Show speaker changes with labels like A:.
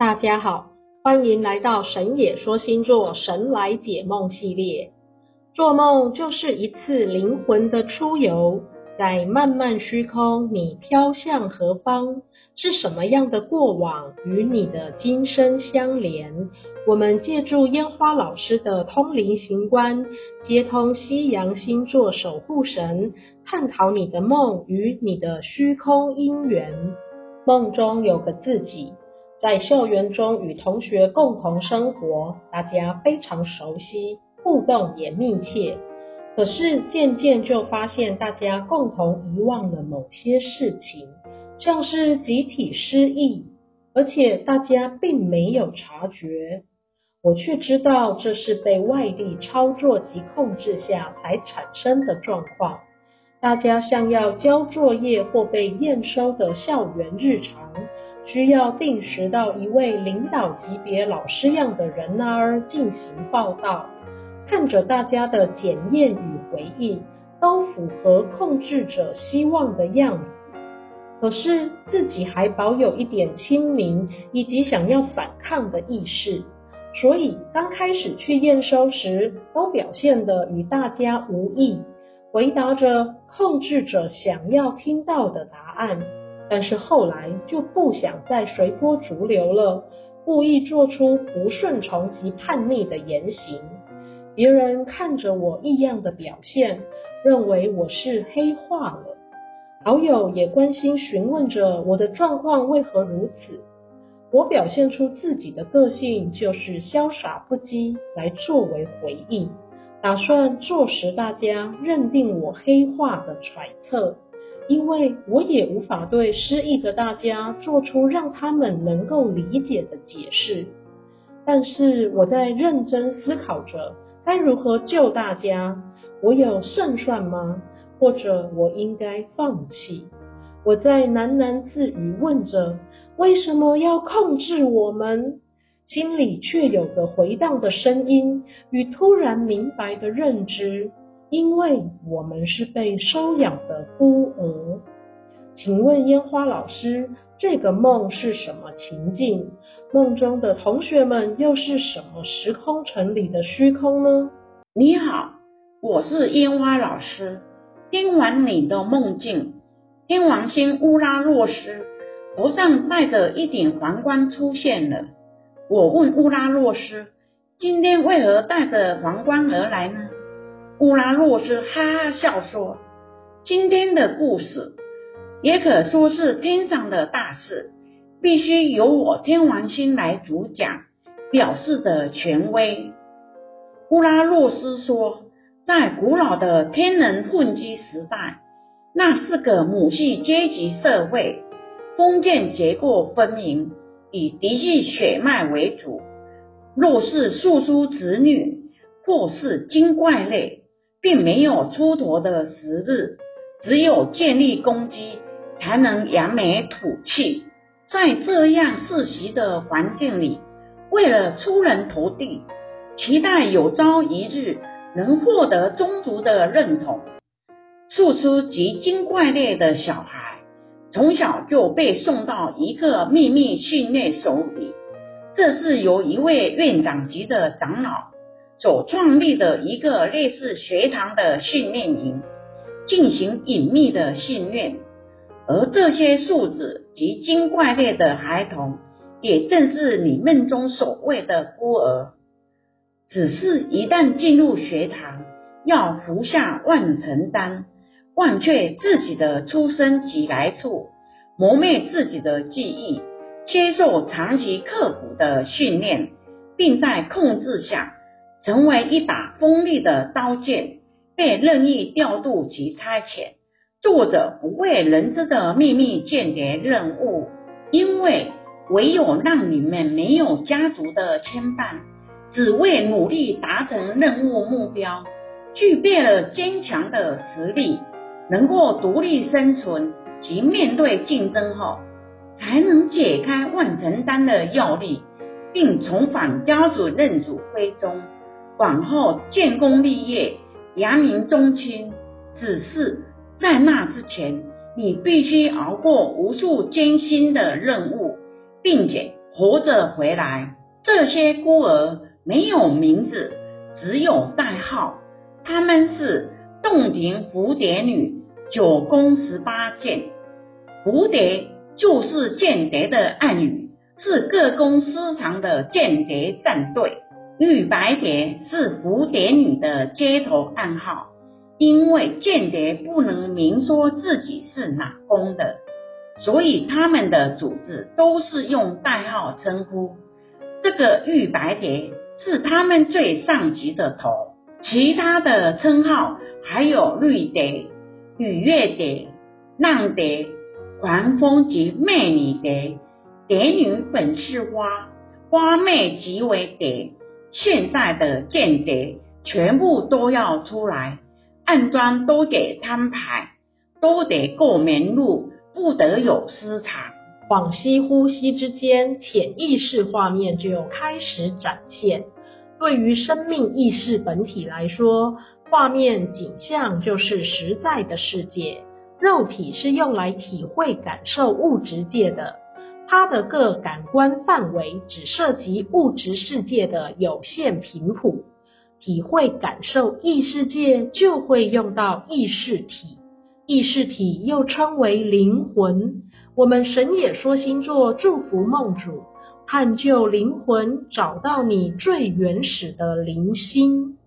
A: 大家好，歡迎來到神野說星座神來解夢系列。做夢就是一次靈魂的出遊，在漫漫虛空，你飄向何方？是什麼樣的過往與你的今生相連？我們借助煙花老師的通靈行觀，接通西洋星座守護神，探討你的夢與你的虛空姻緣。夢中有個自己。在校園中與同學共同生活，大家非常熟悉，互動也密切。可是漸漸就發現，大家共同遺忘了某些事情，像是集體失憶，而且大家並沒有察覺。我卻知道這是被外力操作及控制下才產生的狀況。大家像要交作業或被驗收的校園日常。需要定時到一位領導級別老師樣的人那兒進行報到，看着大家的檢驗與回應都符合控制者希望的樣子。可是自己還保有一點清明以及想要反抗的意識，所以剛開始去驗收時都表現得與大家無異，回答着控制者想要聽到的答案，但是後來就不想再隨波逐流了，故意做出不順從及叛逆的言行。別人看着我異樣的表現，認為我是黑化了。好友也關心詢問着我的狀況為何如此。我表現出自己的個性，就是瀟灑不羈，來作為回應，打算坐實大家認定我黑化的揣測。因為我也無法對失意的大家做出讓他們能夠理解的解釋，但是我在認真思考着該如何救大家。我有勝算嗎？或者我應該放棄？我在喃喃自語問着：“為什麼要控制我們？”心裡卻有個回盪的聲音與突然明白的認知。因為我們是被收養的孤兒。請問煙花老師，這個夢是什麼情境？夢中的同學們又是什麼時空城裡的虛空呢？你好，我是煙花老師。聽完你的夢境，天王星烏拉諾斯
B: 頭上戴着一頂皇冠出現了。我問烏拉諾斯，今天為何戴著皇冠而來呢？烏拉諾斯哈哈笑說：“今天的故事，也可說是天上的大事，必須由我天王星來主講，表示的權威。”烏拉諾斯說：“在古老的天人混居時代，那是個母系階級社會，封建結構分明，以嫡系血脈為主，若是庶出子女或是精怪類，”並沒有出頭的時日，只有建立功績，才能揚眉吐氣。在這樣世襲的環境裡，為了出人頭地，期待有朝一日能獲得宗族的認同，庶出極精怪類的小孩，從小就被送到一個秘密訓練所裡，這是由一位院長級的長老，所創立的一個類似學堂的訓練營，進行隱秘的訓練。而這些素質及精怪類的孩童，也正是你夢中所謂的孤兒。只是一旦進入學堂，要服下萬塵丹，忘卻自己的出生及來處，磨滅自己的記憶，接受長期刻苦的訓練，並在控制下，成為一把鋒利的刀劍，被任意調度及差遣，做着不為人知的秘密間諜任務。因為唯有讓你們沒有家族的牽絆，只為努力達成任務目標，具備了堅強的實力，能夠獨立生存及面對競爭後，才能解開萬成丹的藥力，並重返家族認祖歸宗。往後建功立業，揚名中青，只是在那之前，你必須熬過無數艱辛的任務，並且活着回來。這些孤兒沒有名字，只有代號。他們是洞庭蝴蝶女，九宮十八劍。蝴蝶就是間諜的暗語，是各宮私藏的間諜戰隊。玉白蝶是蝴蝶女的接頭暗號，因為間諜不能明說自己是哪宮的，所以他們的組織都是用代號稱呼。這個玉白蝶是他們最上級的頭，其他的稱號還有綠蝶、雨月蝶、浪蝶、狂風及媚女蝶，蝶女本是花，花魅即為蝶。現在的間諜全部都要出來，暗樁都得攤牌，都得過明
A: 路，不得有私藏。恍兮惚兮之間，潛意識畫面就開始展現。對於生命意識本體來說，畫面景象就是實在的世界，肉體是用來體會感受物質界的。它的各感官範圍只涉及物質世界的有限頻譜，體會感受異世界就會用到意識體，意識體又稱為靈魂。我們神野說星座祝福夢主，探究靈魂，找到你最原始的靈心。